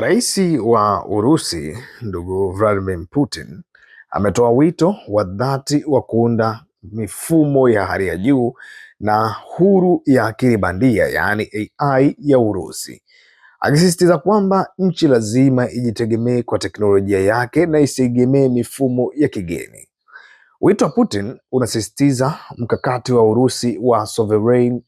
Rais wa Urusi ndugu Vladimir Putin ametoa wito wa dhati wa kuunda mifumo ya hali ya juu na huru ya akili bandia, yaani AI ya Urusi, akisisitiza kwamba nchi lazima ijitegemee kwa teknolojia yake na isiegemee mifumo ya kigeni. Wito wa Putin unasisitiza mkakati wa Urusi wa sovereign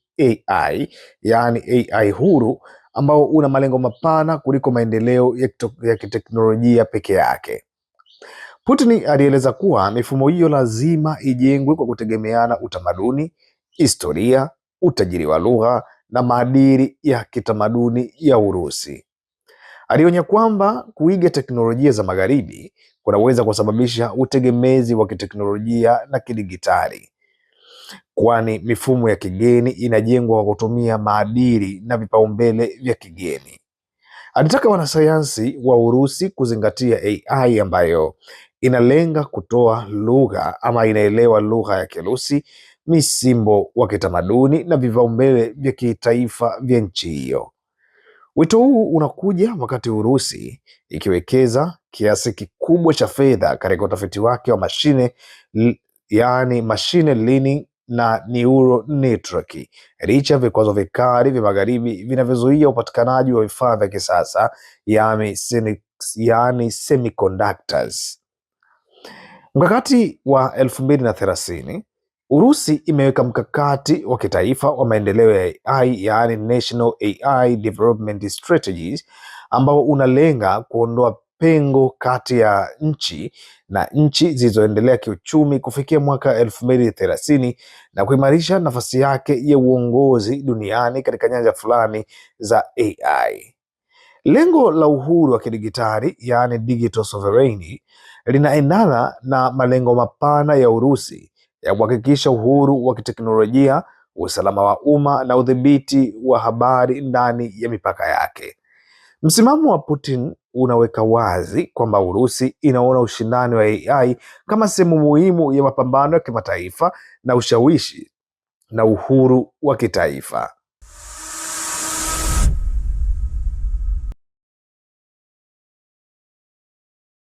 AI, yaani AI huru ambao una malengo mapana kuliko maendeleo ya kiteknolojia peke yake. Putin alieleza kuwa mifumo hiyo lazima ijengwe kwa kutegemeana utamaduni, historia, utajiri wa lugha na maadili ya kitamaduni ya Urusi. Alionya kwamba kuiga teknolojia za magharibi kunaweza kusababisha utegemezi wa kiteknolojia na kidigitali kwani mifumo ya kigeni inajengwa kwa kutumia maadili na vipaumbele vya kigeni. Alitaka wanasayansi wa Urusi kuzingatia AI ambayo inalenga kutoa lugha ama inaelewa lugha ya Kirusi, misimbo wa kitamaduni na vipaumbele vya kitaifa vya nchi hiyo. Wito huu unakuja wakati Urusi ikiwekeza kiasi kikubwa cha fedha katika utafiti wake wa mashine, yaani machine learning na neuronetwork licha ya vikwazo vikali vya magharibi vinavyozuia upatikanaji wa vifaa vya kisasa yani, yani semiconductors. Mkakati wa elfu mbili na thelathini Urusi imeweka mkakati wa kitaifa wa maendeleo ya AI yani National AI Development Strategies ambao unalenga kuondoa pengo kati ya nchi na nchi zilizoendelea kiuchumi kufikia mwaka elfu mbili thelathini na kuimarisha nafasi yake ya uongozi duniani katika nyanja fulani za AI. Lengo la uhuru wa kidigitali yaani digital sovereignty linaendana na malengo mapana ya Urusi ya kuhakikisha uhuru wa kiteknolojia, usalama wa umma na udhibiti wa habari ndani ya mipaka yake. Msimamo wa Putin unaweka wazi kwamba Urusi inaona ushindani wa AI kama sehemu muhimu ya mapambano ya kimataifa na ushawishi na uhuru wa kitaifa.